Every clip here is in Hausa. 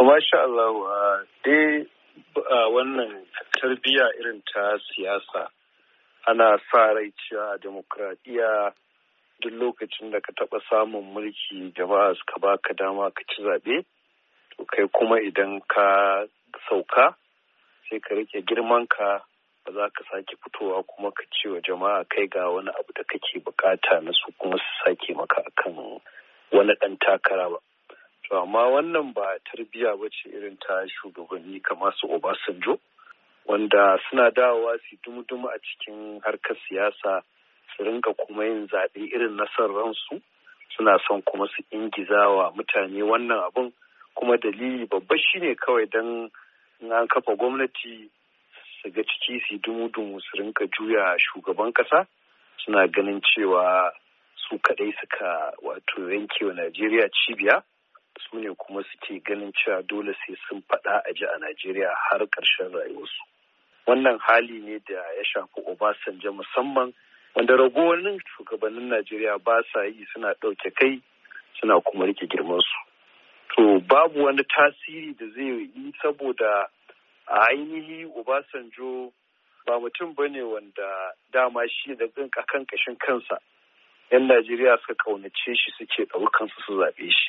Masha Allah uh, dai uh, wannan tarbiyya irin ta siyasa ana sa rai cewa a demokradiyya duk lokacin da ka taɓa samun mulki jama'a suka ka dama ka ci zaɓe to kai kuma idan ka sauka sai ka rike girmanka ba za ka sake fitowa kuma ka ce wa jama'a kai ga wani abu da kake bukata na su kuma su sake maka akan wani ɗan takara ba To amma wannan ba tarbiyya ba ce irin ta shugabanni kamar su Obasanjo wanda suna dawowa su dumu a cikin harkar siyasa su rinka kuma yin zaɓe irin na son ransu suna son kuma su ingizawa mutane wannan abun kuma dalili babba shine kawai don an kafa gwamnati su ga ciki su dumu-dumu su rinka juya shugaban ƙasa suna ganin cewa su kadai suka wato yankewa Najeriya cibiya su ne kuma suke ganin cewa dole sai sun faɗa a ji a Najeriya har ƙarshen rayuwarsu. Wannan hali ne da ya shafi Obasanjo musamman wanda ragowannin shugabannin Najeriya ba sa yi suna ɗauke kai suna kuma rike girmansu. To babu wani tasiri da zai yi saboda a ainihi Obasanjo ba mutum ba ne wanda dama shi da kan kashin kansa. 'Yan Najeriya suka ƙaunace shi suke ɗaukansu su zaɓe shi.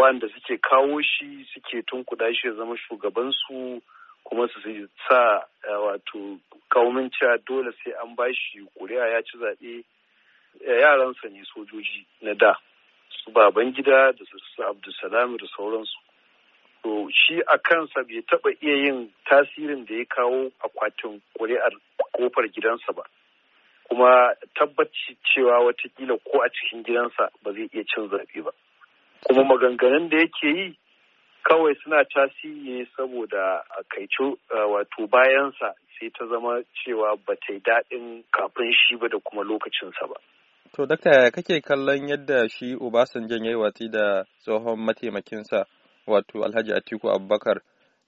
wanda suke kawo shi suke tunkuɗa shi ya zama shugabansu kuma su sa eh, wato kaumin cewa dole sai an ba shi kuri'a ya ci zaɓe eh, yaransa ne sojoji na da su baban gida da su abdulsalami da sauransu to shi a kansa bai taɓa iya yin tasirin da ya kawo akwatin kuri'ar kofar gidansa ba kuma tabbaci cewa watakila ko a cikin gidansa ba zai iya cin zaɓe ba kuma maganganun da yake yi kawai suna tasiri ne saboda a kaicu wato bayansa sai ta zama cewa ba ta yi daɗin kafin shi ba da kuma lokacinsa ba. To, dakta kake kallon yadda shi Obasanjan ya yi watsi da tsohon mataimakinsa wato Alhaji Atiku Abubakar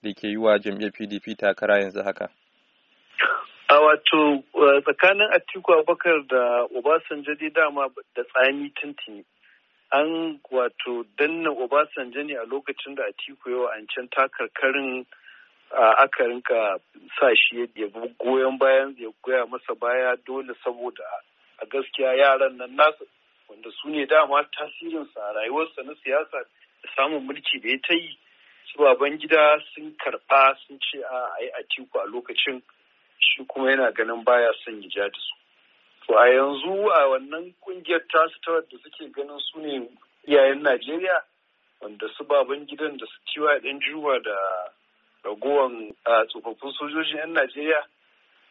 da ke yi wa jam'iyyar PDP takara yanzu haka? A wato tsakanin Atiku Abubakar da Obasanjo dai dama da tsami tuntuni. an wato danna Obasanjo ne a lokacin da Atiku yawa an can takarkarin aka rinka sa shi ya goyon bayan ya goya masa baya dole saboda a gaskiya yaran nan nasu wanda su ne dama tasirinsa a rayuwarsa na siyasa da samun mulki da ya ta yi su baban gida sun karɓa sun ce a yi Atiku a lokacin shi kuma yana ganin baya son ya ja da su. To a yanzu a wannan kungiyar tasu ta wadda suke ganin su ne iyayen Najeriya wanda su baban gidan da su ciwa ɗan juwa da ragowan tsofaffin sojojin 'yan Najeriya.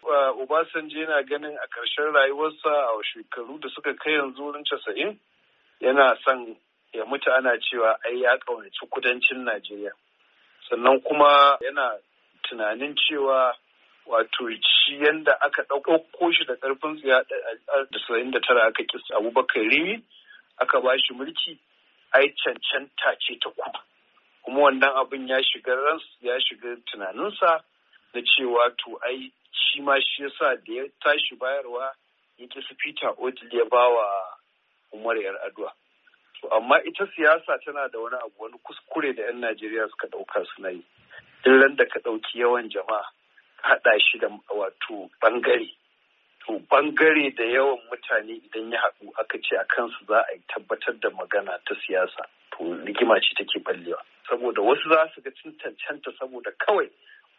Obasanje yana ganin a ƙarshen rayuwarsa a shekaru da suka kai yanzu wurin casa'in yana son ya mutu ana cewa ai ya ƙaunaci kudancin Najeriya. Sannan kuma yana tunanin cewa wato shi yanda aka ɗauko shi da ƙarfin tsiya da da tara aka kisa abubakar rimi aka ba shi mulki ai cancanta ce ta kudu kuma wannan abin ya shiga ransa ya shiga tunaninsa na cewa to ai shi ma shi yasa da ya tashi bayarwa ya ƙi su Peter Odil ya ba wa Umar Yar'adua. To amma ita siyasa tana da wani abu wani kuskure da 'yan Najeriya suka ɗauka suna yi. Duk da ka ɗauki yawan jama'a haɗa shi da wato bangare to bangare da yawan mutane idan ya haɗu aka ce a kansu za a tabbatar da magana ta siyasa to rigima ce take ballewa saboda wasu za su ga cin cancanta saboda kawai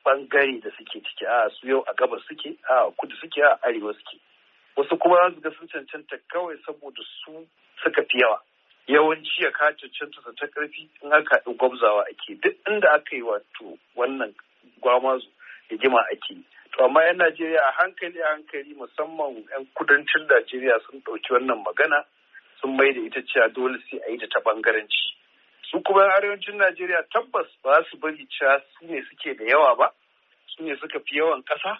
bangare da suke ciki a su yau a gabas suke a kudu suke a arewa suke wasu kuma za su ga sun cancanta kawai saboda su suka fi yawa yawanci ya ka cancanta ta ƙarfi in aka haɗu gwabzawa ake duk inda aka yi wato wannan gwamazu hijima ake yi to amma yan najeriya a hankali a hankali musamman yan kudancin najeriya sun ɗauki wannan magana sun mai da ita cewa dole sai a yi da ta bangaranci su kuma arewacin najeriya tabbas ba su bari cewa su ne suke da yawa ba su ne suka fi yawan ƙasa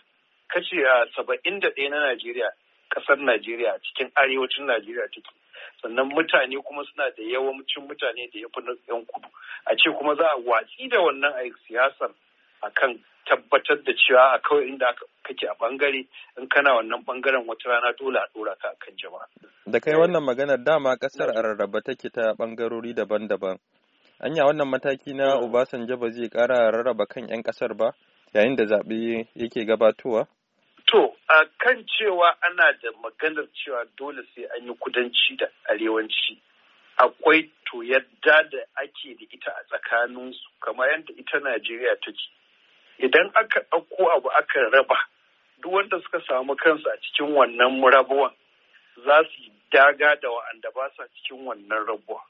kace a ah, saba'in da ɗaya na najeriya ƙasar najeriya cikin arewacin najeriya take sannan mutane kuma suna da yawancin mutane da ya fi yan kudu a ce kuma za a watsi da wannan a siyasar akan tabbatar da cewa a kawai inda kake a bangare in kana wannan bangaren wata rana dole a dora ka kan jama'a. Da kai eh. wannan maganar dama kasar a rarraba take ta bangarori daban-daban. Anya wannan mataki na hmm. Obasanjo ba zai kara rarraba kan 'yan kasar ba yayin da zaɓe yake gabatowa? To, a kan cewa ana da maganar cewa dole sai an yi kudanci da arewanci. Akwai to yadda da ake da ita a tsakaninsu, kamar yadda ita Najeriya take. idan aka ɗauko abu aka raba duk wanda suka samu kansu a cikin wannan rabuwan za su yi daga da wa'anda ba sa cikin wannan rabuwa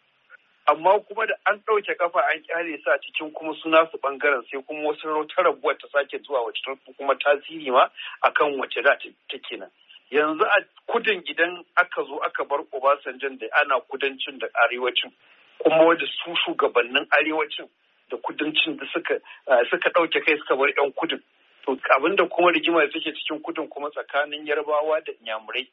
amma kuma da an ɗauke kafa an kyale su a cikin kuma suna su ɓangaren sai kuma wasu ta rabuwar ta sake zuwa wacce ta kuma tasiri ma akan wacce da ta kenan yanzu a kudin idan aka zo aka bar obasanjan da ana kudancin da arewacin kuma wadda su shugabannin arewacin da kudancin da suka ah, suka ɗauke kai suka bar 'yan kudin. To abinda kuma rigima suke take cikin kudin kuma tsakanin yarbawa da inyamurai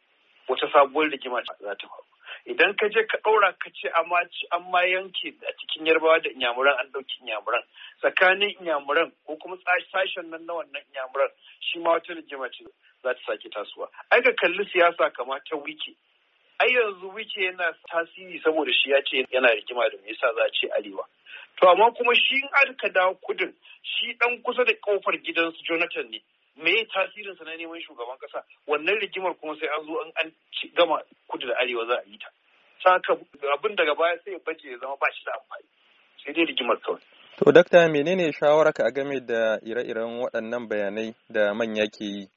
wata sabuwar rigima za ta faru. Idan ka je ka ɗaura ka ce amma an ma yanke a cikin yarbawa da inyamuran an ɗauki inyamuran tsakanin inyamuran ko kuma sashen nan na wannan inyamuran shi ma wata rigima ce za ta sake tasowa. Ai ka kalli siyasa kamar ta wiki ai yanzu wike yana tasiri saboda shi ya ce yana rigima da me yasa za a ce arewa to amma kuma shi in an ka dawo kudin shi dan kusa da kofar gidansu jonathan ne me tasirinsa na neman shugaban kasa wannan rigimar kuma sai an zo an gama kudu da arewa za a yi ta saka abin daga baya sai ya bace ya zama ba shi da amfani sai dai rigimar kawai to dakta menene shawararka a game da ire-iren waɗannan bayanai da manya ke yi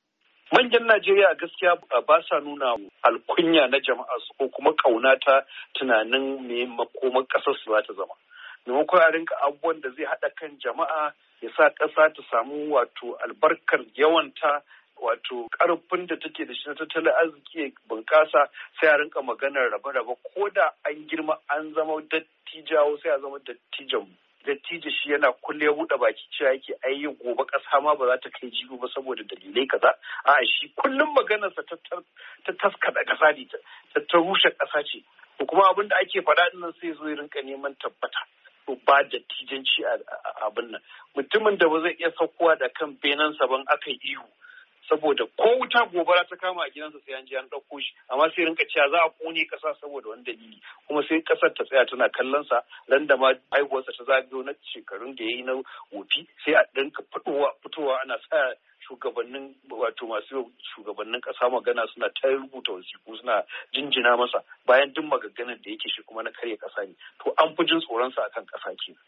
manyan Najeriya gaskiya ba sa nuna alkunya na jama'a su ko kuma kauna ta tunanin me makomar ƙasar su za ta zama. Maimakon a rinka abubuwan da zai haɗa kan jama'a ya sa ƙasa ta samu wato albarkar yawanta wato ƙarfin da take da shi na tattalin arziki bunƙasa sai a rinka maganar raba-raba ko da an girma an zama dattijawo sai a zama dattijan dattijo shi yana kulle ya buɗe baki cewa yake ai gobe ƙasa ma ba za ta kai jigo ba saboda dalilai kaza A'a shi kullum maganarsa ta taskada ƙasa ne ta rushe ƙasa ce to kuma abin da ake faɗa nan sai zo ya rinka neman tabbata to ba dattijanci a abin nan mutumin da ba zai iya saukowa da kan benansa ban aka ihu saboda ko wuta gobara ta kama a gidansa sai an je an ɗauko shi amma sai rinka cewa za a ƙone ƙasa saboda wani dalili kuma sai ƙasar ta tsaya tana kallon sa ran da ma haihuwarsa ta zagayo na shekarun da ya yi na wofi sai a rinka fitowa ana sa shugabannin wato masu shugabannin ƙasa magana suna ta rubuta wasiku suna jinjina masa bayan duk magaganan da yake shi kuma na karya ƙasa ne to an fi jin tsoronsa akan ƙasa kenan.